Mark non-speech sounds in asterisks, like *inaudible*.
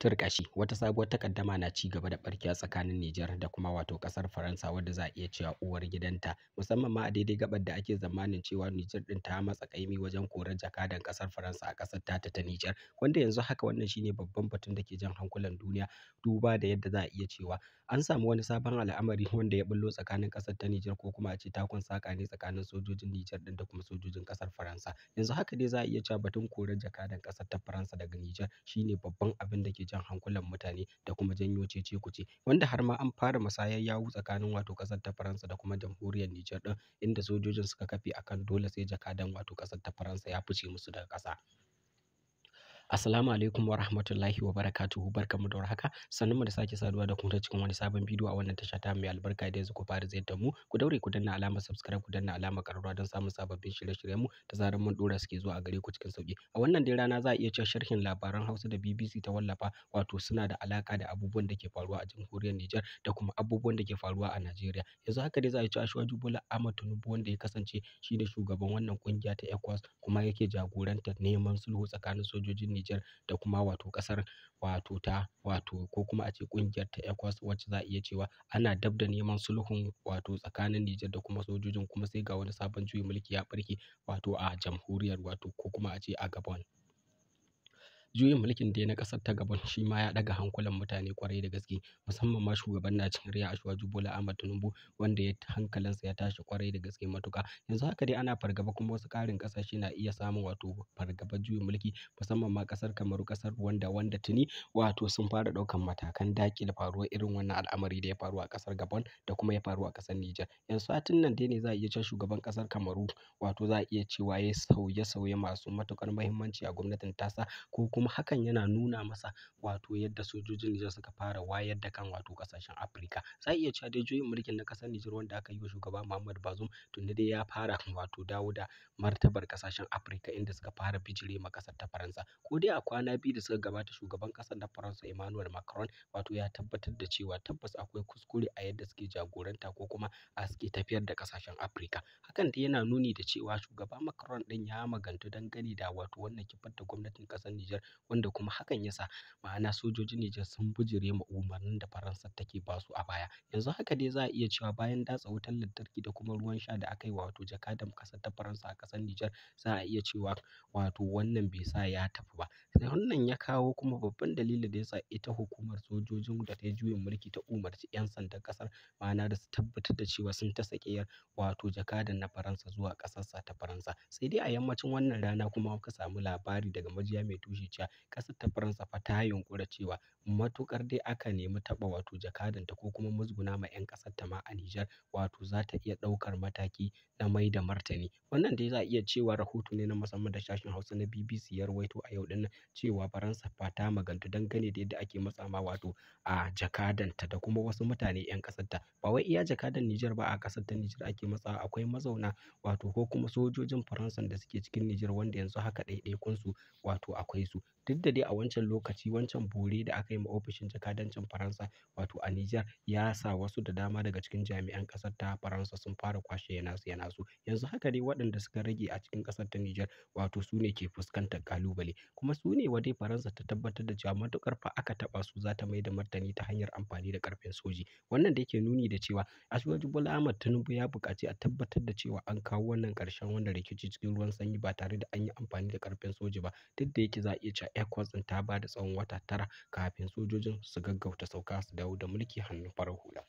turkashi wata sabuwar takaddama na ci gaba da barkiya tsakanin Nijar da kuma wato kasar Faransa wadda za a iya cewa uwar gidanta musamman ma a daidai gabar da ake zamanin cewa Nijar din ta matsa kaimi wajen korar jakadan kasar Faransa a kasar ta ta Nijar wanda yanzu haka wannan shine babban batun da ke jan hankulan duniya duba da yadda za a iya cewa an samu wani sabon al'amari wanda ya bullo tsakanin kasar ta Nijar ko kuma a ce takun saka ne tsakanin sojojin Nijar din da kuma sojojin kasar Faransa yanzu haka dai za a iya cewa batun korar jakadan kasar ta Faransa daga Nijar shine babban abin da ke jan hankulan mutane da kuma janyo cece-kuce wanda har ma an fara musayar yawu tsakanin wato ƙasar ta Faransa da kuma jamhuriyar Nijar ɗin inda sojojin suka kafe a kan dole sai jakadan wato ƙasar ta Faransa ya fice musu daga ƙasa. Assalamu alaikum wa rahmatullahi wa barakatuh barkamu da warhaka sannu mu da sake saduwa da kuma cikin wani sabon bidiyo a wannan tasha ta mai albarka da yanzu ku fara zai da mu ku daure ku danna alamar subscribe ku danna alamar karuwa don samun sababbin shirye-shiryen mu da zarar mun dora suke zuwa a gare ku cikin sauki a wannan dai rana za a iya cewa sharhin labaran Hausa da BBC ta wallafa wato suna da alaka da abubuwan da ke faruwa a jamhuriyar Niger da kuma abubuwan da ke faruwa a Najeriya yanzu haka dai za a iya cewa Shuwaju Bola Ahmed Tinubu wanda ya kasance shi da shugaban wannan kungiya ta ECOWAS kuma yake jagorantar neman sulhu tsakanin sojojin Nijar da kuma wato ƙasar wato ta wato ko kuma a ce ƙungiyar ta ECOWAS wacce za a iya cewa ana dab da neman sulhun wato tsakanin Nijar da kuma sojojin kuma sai ga wani sabon juyin mulki ya ɓarke wato a jamhuriyar wato ko kuma a ce a Gabon. Juyin mulkin dai na kasar ta Gabon shi ma ya daga hankulan mutane kwarai da gaske musamman ma shugaban Najeriya Asiwaju Bola Ahmed Tinubu wanda ya hankalinsa ya tashi kwarai da gaske matuka Yanzu haka dai ana fargaba kuma wasu ƙarin ƙasashe na iya samun wato fargabar juyin mulki musamman ma kasar Kamaru ƙasar Rwanda wanda tuni wato sun fara ɗaukan matakan daƙile faruwar irin wannan al'amari da ya faru a kasar Gabon da kuma ya faru a kasar Nijar. Yanzu satin nan dai ne za a iya cewa shugaban ƙasar Kamaru wato za a iya cewa ya sauye-sauye masu matuƙar muhimmanci a gwamnatin tasa ko kuma kuma hakan yana nuna masa wato yadda sojojin Nijar suka fara wayar da kan wato kasashen Afirka. Za iya cewa dai juyin mulkin na ƙasar Nijar wanda aka yi wa shugaba Muhammad Bazoum tuni dai ya fara *laughs* wato dawo da martabar ƙasashen Afirka inda suka fara bijire ma ƙasar ta Faransa. Ko dai a kwana biyu da suka gabata shugaban ƙasar na Faransa Emmanuel Macron wato ya tabbatar da cewa tabbas akwai kuskure a yadda suke jagoranta ko kuma a suke tafiyar da ƙasashen Afirka. Hakan dai yana nuni da cewa shugaba Macron ɗin ya magantu dangane da wato wannan kifar da gwamnatin ƙasar Nijar wanda kuma hakan ya sa ma'ana sojojin Nijar sun bijire ma umarnin da Faransa take ba su a baya. Yanzu haka dai za a iya cewa bayan datsa wutar lantarki da kuma ruwan sha da aka yi wato jakadan kasar ta Faransa a kasar Nijar za a iya cewa wato wannan bai sa ya tafi ba. Wannan ya kawo kuma babban dalilin da ya sa ita hukumar sojojin da ta yi juyin mulki ta umarci 'yan sandan ƙasar ma'ana da su tabbatar da cewa sun ta sakiyar wato jakadan na Faransa zuwa ƙasarsa ta Faransa. Sai dai a yammacin wannan rana kuma muka samu labari daga majiya mai tushe zuciya ƙasar ta faransa fa ta yunkura cewa matuƙar dai aka nemi taɓa wato jakadanta ko kuma musguna ma 'yan ƙasar ta ma a Nijar wato za ta iya ɗaukar mataki na mai da martani wannan dai za a iya cewa rahoto ne na musamman da sashen Hausa na BBC ya rawaito a yau ɗin nan cewa Faransa fa ta maganta dangane da yadda ake matsa ma wato a jakadanta da kuma wasu mutane 'yan ƙasar ta ba wai iya jakadan Nijar ba a ƙasar ta Nijar ake matsawa akwai mazauna wato ko kuma sojojin Faransa da suke cikin Nijar wanda yanzu haka ɗaiɗaikun su wato akwai su duk da dai a wancan lokaci wancan bore da aka yi ma ofishin jakadancin Faransa wato a Nijar ya sa wasu da dama daga cikin jami'an ƙasar ta Faransa sun fara kwashe yana su yana su yanzu haka dai waɗanda suka rage a cikin ƙasar ta Nijar wato su ne ke fuskantar kalubale kuma su ne wadai Faransa ta tabbatar da cewa matuƙar fa aka taɓa su za ta mai da martani ta hanyar amfani da ƙarfin soji wannan da yake nuni da cewa Ashwaju Bola Ahmad Tinubu ya buƙaci a tabbatar da cewa an kawo wannan ƙarshen wanda rikici cikin ruwan sanyi ba tare da an yi amfani da ƙarfin soji ba duk da yake za a iya cewa ECOWAS ɗin ta ba da tsawon wata tara kafin sojojin su gaggauta sauka su dawo da mulki hannun farar hula.